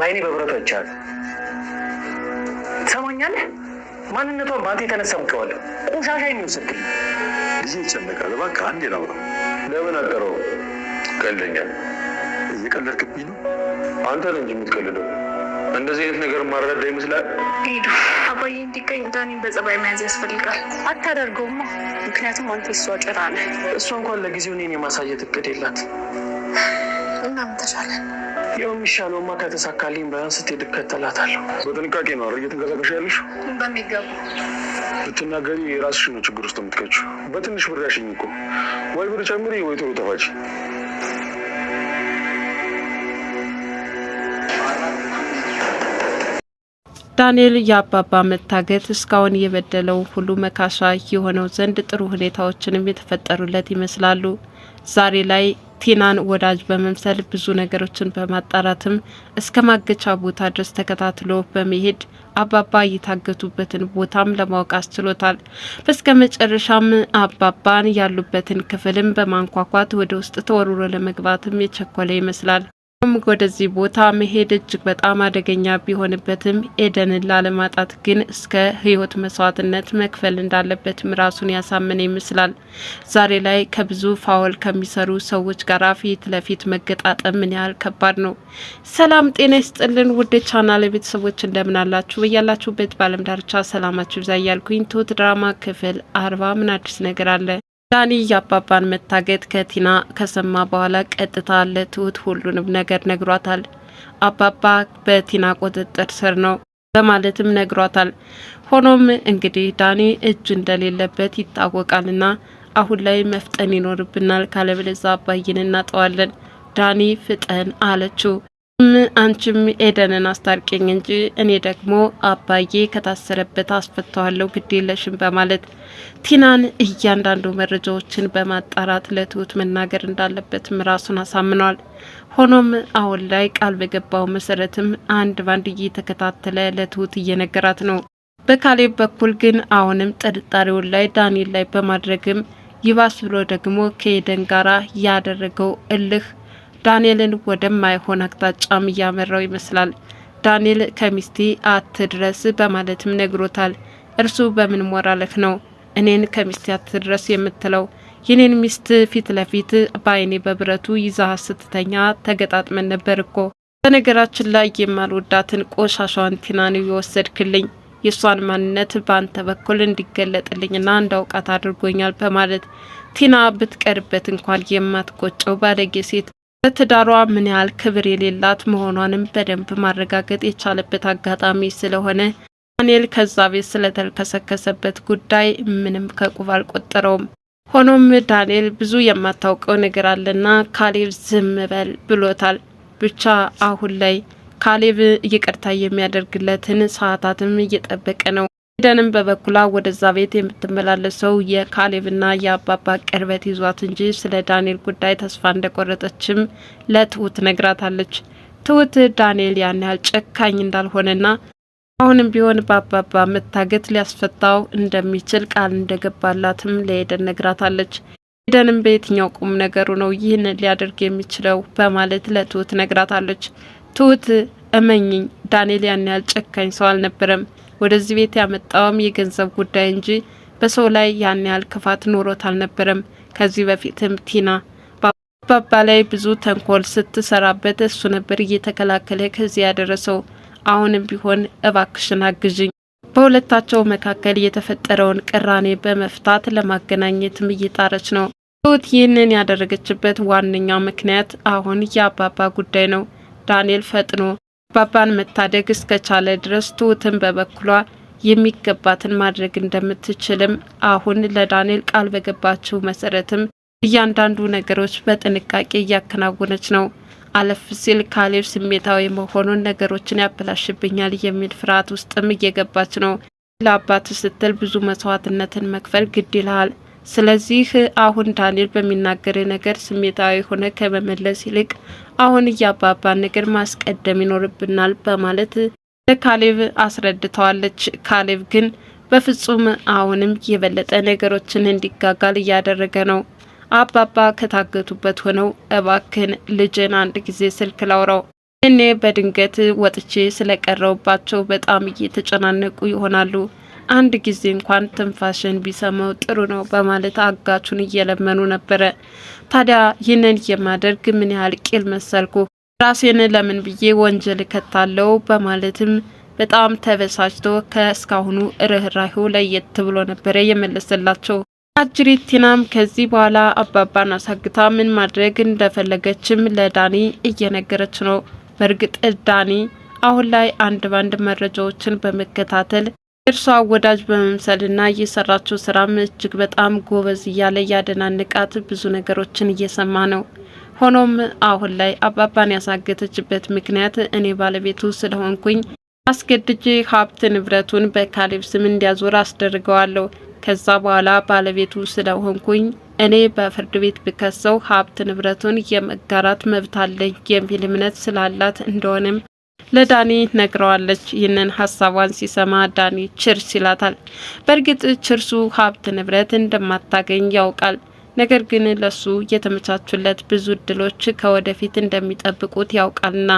በአይኔ በብረቱ አይቻል ትሰማኛለህ? ማንነቷን በአንተ የተነሳ ሙቀዋለሁ። ቁሻሻ የሚወስድ ጊዜ ይጨነቃል። እባክህ አንዴ ነው ለምን አጠረው? ቀልደኛል። እየቀለድክብኝ ነው። አንተ ነህ እንጂ የምትቀልደው። እንደዚህ አይነት ነገር ማረዳ ይመስላል። ሄዱ አባዬ እንዲቀኝ ዳኒን በጸባይ መያዝ ያስፈልጋል። አታደርገውማ፣ ምክንያቱም አንተ እሷ ጭራ ነህ። እሷ እንኳን ለጊዜው እኔን የማሳየት እቅድ የላት እና ምን ያው የሚሻለውማ ከተሳካልኝ ስትሄድ እከተላታለሁ። በጥንቃቄ ነው አረ እየተንቀሳቀሽ ያለሽ። በሚገባ ብትናገሪ የራስሽ ነው ችግር ውስጥ በትንሽ ብር ያሽኝ እኮ ወይ ብር ጨምሪ ወይ ቶሎ ተፋጭ። ዳንኤል የአባባ መታገት እስካሁን የበደለው ሁሉ መካሻ የሆነው ዘንድ ጥሩ ሁኔታዎችንም የተፈጠሩለት ይመስላሉ። ዛሬ ላይ ቲናን ወዳጅ በመምሰል ብዙ ነገሮችን በማጣራትም እስከ ማገቻ ቦታ ድረስ ተከታትሎ በመሄድ አባባ የታገቱበትን ቦታም ለማወቅ አስችሎታል። በስከ መጨረሻም አባባን ያሉበትን ክፍልም በማንኳኳት ወደ ውስጥ ተወርሮ ለመግባትም የቸኮለ ይመስላል። ወደዚህ ቦታ መሄድ እጅግ በጣም አደገኛ ቢሆንበትም ኤደንን ላለማጣት ግን እስከ ሕይወት መስዋዕትነት መክፈል እንዳለበትም ራሱን ያሳመነ ይመስላል። ዛሬ ላይ ከብዙ ፋውል ከሚሰሩ ሰዎች ጋር ፊት ለፊት መገጣጠም ምን ያህል ከባድ ነው። ሰላም ጤና ይስጥልን ውድ ቻናል ቤተሰቦች እንደምን አላችሁ? በያላችሁበት በዓለም ዳርቻ ሰላማችሁ ይብዛ እያልኩኝ ትሁት ድራማ ክፍል አርባ ምን አዲስ ነገር አለ ዳኒ የአባባን መታገት ከቲና ከሰማ በኋላ ቀጥታ ለትሁት ሁሉንም ነገር ነግሯታል። አባባ በቲና ቁጥጥር ስር ነው በማለትም ነግሯታል። ሆኖም እንግዲህ ዳኒ እጁ እንደሌለበት ይታወቃልና አሁን ላይ መፍጠን ይኖርብናል፣ ካለበለዚያ አባይን እናጠዋለን። ዳኒ ፍጠን አለችው። አንቺም ኤደንን አስታርቂኝ እንጂ እኔ ደግሞ አባዬ ከታሰረበት አስፈታዋለሁ ግድ የለሽም በማለት ቲናን እያንዳንዱ መረጃዎችን በማጣራት ለትሁት መናገር እንዳለበትም ራሱን አሳምኗል። ሆኖም አሁን ላይ ቃል በገባው መሰረትም አንድ ባንድ እየተከታተለ ለትሁት እየነገራት ነው። በካሌብ በኩል ግን አሁንም ጥርጣሬውን ላይ ዳንኤል ላይ በማድረግም ይባስ ብሎ ደግሞ ከኤደን ጋራ ያደረገው እልህ ዳንኤልን ወደማይሆን አቅጣጫም እያመራው ይመስላል። ዳንኤል ከሚስቴ አትድረስ በማለትም ነግሮታል። እርሱ በምን ሞራልህ ነው እኔን ከሚስቴ አትድረስ የምትለው? የኔን ሚስት ፊት ለፊት በአይኔ በብረቱ ይዛ ስትተኛ ተገጣጥመን ነበር እኮ። በነገራችን ላይ የማልወዳትን ቆሻሿን ቲናን የወሰድክልኝ የእሷን ማንነት በአንተ በኩል እንዲገለጥልኝና እንዳውቃት አድርጎኛል በማለት ቲና ብትቀርበት እንኳን የማትቆጨው ባለጌ ሴት በትዳሯ ምን ያህል ክብር የሌላት መሆኗንም በደንብ ማረጋገጥ የቻለበት አጋጣሚ ስለሆነ ዳንኤል ከዛ ቤት ስለተልከሰከሰበት ጉዳይ ምንም ከቁብ አልቆጠረውም። ሆኖም ዳንኤል ብዙ የማታውቀው ነገር አለና ካሌብ ዝም በል ብሎታል። ብቻ አሁን ላይ ካሌብ ይቅርታ የሚያደርግለትን ሰዓታትም እየጠበቀ ነው። ኤደንም በበኩሏ ወደዛ ቤት የምትመላለሰው የካሌብና የአባባ ቅርበት ይዟት እንጂ ስለ ዳንኤል ጉዳይ ተስፋ እንደቆረጠችም ለትሁት ነግራታለች። ትሁት ዳንኤል ያን ያህል ጨካኝ እንዳልሆነና አሁንም ቢሆን በአባባ መታገት ሊያስፈታው እንደሚችል ቃል እንደገባላትም ለኤደን ነግራታለች። ኤደንም በየትኛው ቁም ነገሩ ነው ይህንን ሊያደርግ የሚችለው በማለት ለትሁት ነግራታለች። ትሁት እመኝኝ ዳንኤል ያን ያህል ጨካኝ ሰው አልነበረም ወደዚህ ቤት ያመጣውም የገንዘብ ጉዳይ እንጂ በሰው ላይ ያን ያህል ክፋት ኖሮት አልነበረም። ከዚህ በፊትም ቲና በአባባ ላይ ብዙ ተንኮል ስትሰራበት እሱ ነበር እየተከላከለ ከዚህ ያደረሰው። አሁንም ቢሆን እባክሽን አግዥኝ። በሁለታቸው መካከል የተፈጠረውን ቅራኔ በመፍታት ለማገናኘትም እየጣረች ነው። ትሁት ይህንን ያደረገችበት ዋነኛው ምክንያት አሁን የአባባ ጉዳይ ነው። ዳንኤል ፈጥኖ ባባን መታደግ እስከቻለ ድረስ ትሁትን በበኩሏ የሚገባትን ማድረግ እንደምትችልም አሁን ለዳንኤል ቃል በገባችው መሰረትም እያንዳንዱ ነገሮች በጥንቃቄ እያከናወነች ነው። አለፍ ሲል ካሌብ ስሜታዊ መሆኑን ነገሮችን ያበላሽብኛል የሚል ፍርሃት ውስጥም እየገባች ነው። ለአባት ስትል ብዙ መስዋዕትነትን መክፈል ግድ ይልሃል። ስለዚህ አሁን ዳንኤል በሚናገር ነገር ስሜታዊ ሆነ ከመመለስ ይልቅ አሁን እያባባን ነገር ማስቀደም ይኖርብናል በማለት ለካሌብ አስረድተዋለች። ካሌብ ግን በፍጹም አሁንም የበለጠ ነገሮችን እንዲጋጋል እያደረገ ነው። አባባ ከታገቱበት ሆነው እባክን ልጅን አንድ ጊዜ ስልክ ላውራው፣ እኔ በድንገት ወጥቼ ስለቀረውባቸው በጣም እየተጨናነቁ ይሆናሉ አንድ ጊዜ እንኳን ትንፋሽን ቢሰማው ጥሩ ነው በማለት አጋቹን እየለመኑ ነበረ። ታዲያ ይህንን የማደርግ ምን ያህል ቂል መሰልኩ፣ ራሴን ለምን ብዬ ወንጀል እከታለው በማለትም በጣም ተበሳጭቶ ከእስካሁኑ ርኅራኄው ለየት ብሎ ነበረ የመለሰላቸው። አጅሪት ቲናም ከዚህ በኋላ አባባን አሳግታ ምን ማድረግ እንደፈለገችም ለዳኒ እየነገረች ነው። በእርግጥ ዳኒ አሁን ላይ አንድ ባንድ መረጃዎችን በመከታተል እርሷ ወዳጅ በመምሰልና እየሰራችው ስራም እጅግ በጣም ጎበዝ እያለ ያደናንቃት ብዙ ነገሮችን እየሰማ ነው። ሆኖም አሁን ላይ አባባን ያሳገተችበት ምክንያት እኔ ባለቤቱ ስለሆንኩኝ አስገድጄ ሀብት ንብረቱን በካሌብ ስም እንዲያዞር አስደርገዋለሁ። ከዛ በኋላ ባለቤቱ ስለሆንኩኝ እኔ በፍርድ ቤት ብከሰው ሀብት ንብረቱን የመጋራት መብት አለኝ የሚል እምነት ስላላት እንደሆነም ለዳኒ ነግረዋለች። ይህንን ሀሳቧን ሲሰማ ዳኒ ችርስ ይላታል። በእርግጥ ችርሱ ሀብት ንብረት እንደማታገኝ ያውቃል። ነገር ግን ለሱ የተመቻቹለት ብዙ እድሎች ከወደፊት እንደሚጠብቁት ያውቃልና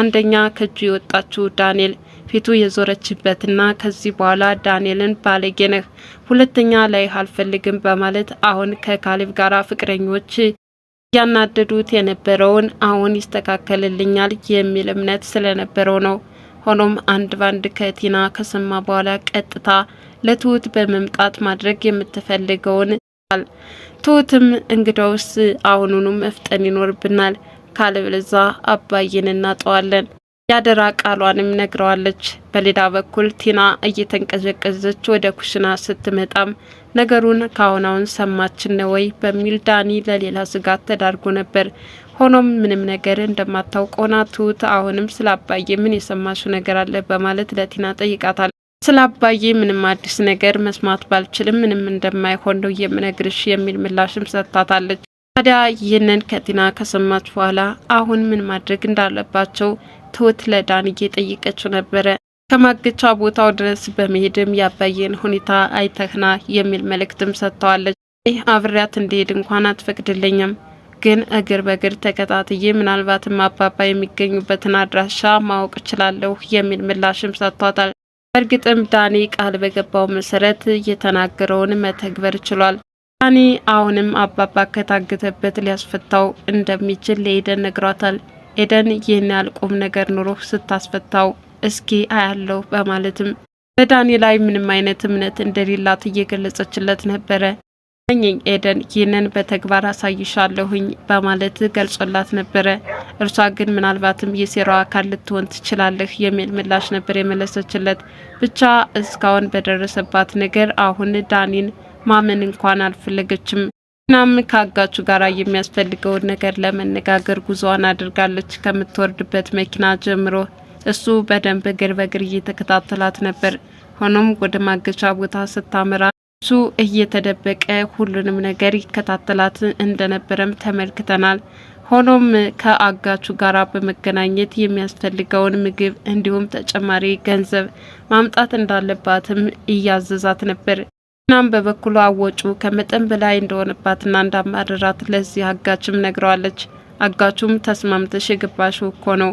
አንደኛ ከእጁ የወጣችው ዳንኤል ፊቱ የዞረችበትና ከዚህ በኋላ ዳንኤልን ባለጌ ነህ፣ ሁለተኛ ላይ አልፈልግም በማለት አሁን ከካሊብ ጋር ፍቅረኞች ያናደዱት የነበረውን አሁን ይስተካከልልኛል የሚል እምነት ስለነበረው ነው። ሆኖም አንድ ባንድ ከቲና ከሰማ በኋላ ቀጥታ ለትሁት በመምጣት ማድረግ የምትፈልገውን ል ትሁትም እንግዳውስ አሁኑኑ መፍጠን ይኖርብናል፣ ካለበለዛ አባዬን እናጠዋለን ያደራ ቃሏንም ነግረዋለች። በሌላ በኩል ቲና እየተንቀዘቀዘች ወደ ኩሽና ስትመጣም ነገሩን ከአሁናውን ሰማችን ወይ በሚል ዳኒ ለሌላ ስጋት ተዳርጎ ነበር። ሆኖም ምንም ነገር እንደማታውቅ ሆና ትሁት አሁንም ስላባዬ ምን የሰማሽው ነገር አለ በማለት ለቲና ጠይቃታል። አባዬ ምንም አዲስ ነገር መስማት ባልችልም ምንም እንደማይሆን ነው የምነግርሽ የሚል ምላሽም ሰጥታታለች። ታዲያ ይህንን ከቲና ከሰማች በኋላ አሁን ምን ማድረግ እንዳለባቸው ትሁት ለዳን እየጠየቀችው ነበረ። ከማገቻ ቦታው ድረስ በመሄድም ያባየን ሁኔታ አይተህና የሚል መልእክትም ሰጥተዋለች። ይህ አብሬያት እንዲሄድ እንኳን አትፈቅድልኝም፣ ግን እግር በእግር ተከታትዬ ምናልባትም አባባ የሚገኙበትን አድራሻ ማወቅ እችላለሁ የሚል ምላሽም ሰጥቷታል። በእርግጥም ዳኒ ቃል በገባው መሰረት የተናገረውን መተግበር ችሏል። ዳኒ አሁንም አባባ ከታገተበት ሊያስፈታው እንደሚችል ለሄደን ነግሯታል። ኤደን ይህን ያህል ቁም ነገር ኑሮ ስታስፈታው እስኪ አያለሁ በማለትም በዳኒ ላይ ምንም አይነት እምነት እንደሌላት እየገለጸችለት ነበረ። መኝኝ ኤደን ይህንን በተግባር አሳይሻለሁኝ በማለት ገልጾላት ነበረ። እርሷ ግን ምናልባትም የሴራው አካል ልትሆን ትችላለህ የሚል ምላሽ ነበር የመለሰችለት። ብቻ እስካሁን በደረሰባት ነገር አሁን ዳኒን ማመን እንኳን አልፈለገችም። ናም ከአጋቹ ጋር የሚያስፈልገውን ነገር ለመነጋገር ጉዞዋን አድርጋለች። ከምትወርድበት መኪና ጀምሮ እሱ በደንብ እግር በግር እየተከታተላት ነበር። ሆኖም ወደ ማገቻ ቦታ ስታመራ እሱ እየተደበቀ ሁሉንም ነገር ይከታተላት እንደነበረም ተመልክተናል። ሆኖም ከአጋቹ ጋር በመገናኘት የሚያስፈልገውን ምግብ እንዲሁም ተጨማሪ ገንዘብ ማምጣት እንዳለባትም እያዘዛት ነበር። ናም በበኩሉ አወጩ ከመጠን በላይ እንደሆነባትና እንዳማረራት ለዚህ አጋችም ነግረዋለች። አጋቹም ተስማምተሽ የገባሽው እኮ ነው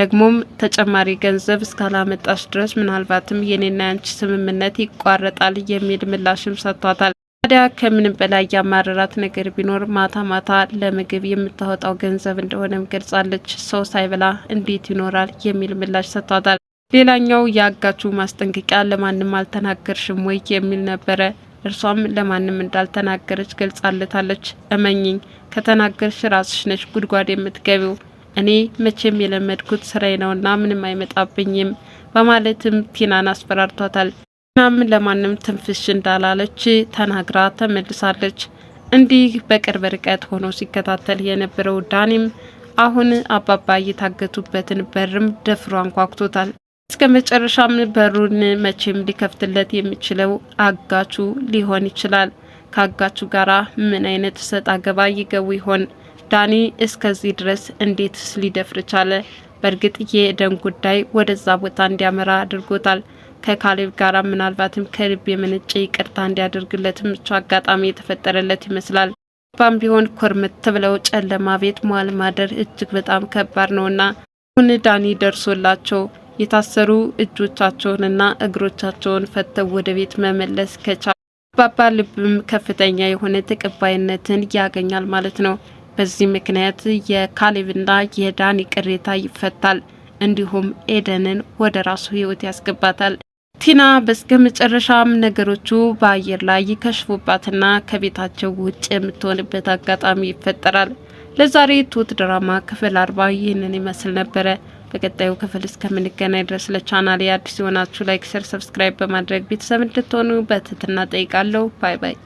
ደግሞም ተጨማሪ ገንዘብ እስካላመጣሽ ድረስ ምናልባትም የኔና ያንቺ ስምምነት ይቋረጣል የሚል ምላሽም ሰጥቷታል። ታዲያ ከምንም በላይ ያማረራት ነገር ቢኖር ማታ ማታ ለምግብ የምታወጣው ገንዘብ እንደሆነም ገልጻለች። ሰው ሳይበላ እንዴት ይኖራል የሚል ምላሽ ሰጥቷታል። ሌላኛው የአጋቹ ማስጠንቀቂያ ለማንም አልተናገርሽም ወይ የሚል ነበረ። እርሷም ለማንም እንዳልተናገረች ገልጻለታለች። እመኝኝ ከተናገርሽ ራስሽ ነች ጉድጓድ የምትገቢው። እኔ መቼም የለመድኩት ስራዬ ነውና ምንም አይመጣብኝም በማለትም ቲናን አስፈራርቷታል። ቲናም ለማንም ትንፍሽ እንዳላለች ተናግራ ተመልሳለች። እንዲህ በቅርብ ርቀት ሆኖ ሲከታተል የነበረው ዳኒም አሁን አባባ እየታገቱበትን በርም ደፍሮ አንኳኩቶታል። እስከ መጨረሻም በሩን መቼም ሊከፍትለት የሚችለው አጋቹ ሊሆን ይችላል። ከአጋቹ ጋር ምን አይነት ሰጥ አገባ ይገቡ ይሆን? ዳኒ እስከዚህ ድረስ እንዴትስ ሊደፍር ቻለ? በእርግጥ የኤደን ጉዳይ ወደዛ ቦታ እንዲያመራ አድርጎታል። ከካሌብ ጋራ ምናልባትም ከልብ የመነጨ ይቅርታ እንዲያደርግለት ምቹ አጋጣሚ የተፈጠረለት ይመስላል። ባም ቢሆን ኮርምት ብለው ጨለማ ቤት መዋል ማደር እጅግ በጣም ከባድ ነውና ሁን ዳኒ ደርሶላቸው የታሰሩ እጆቻቸውንና እግሮቻቸውን ፈተው ወደ ቤት መመለስ ከቻ አባባ ልብም ከፍተኛ የሆነ ተቀባይነትን ያገኛል ማለት ነው። በዚህ ምክንያት የካሌብና የዳኒ ቅሬታ ይፈታል። እንዲሁም ኤደንን ወደ ራሱ ህይወት ያስገባታል። ቲና በስከ መጨረሻም ነገሮቹ በአየር ላይ ከሽፉባትና ከቤታቸው ውጭ የምትሆንበት አጋጣሚ ይፈጠራል። ለዛሬ ትሁት ድራማ ክፍል አርባ ይህንን ይመስል ነበረ። በቀጣዩ ክፍል እስከምንገናኝ ድረስ ለቻናል የአዲስ የሆናችሁ ላይክ፣ ሸር፣ ሰብስክራይብ በማድረግ ቤተሰብ እንድትሆኑ በትህትና ጠይቃለሁ። ባይ ባይ።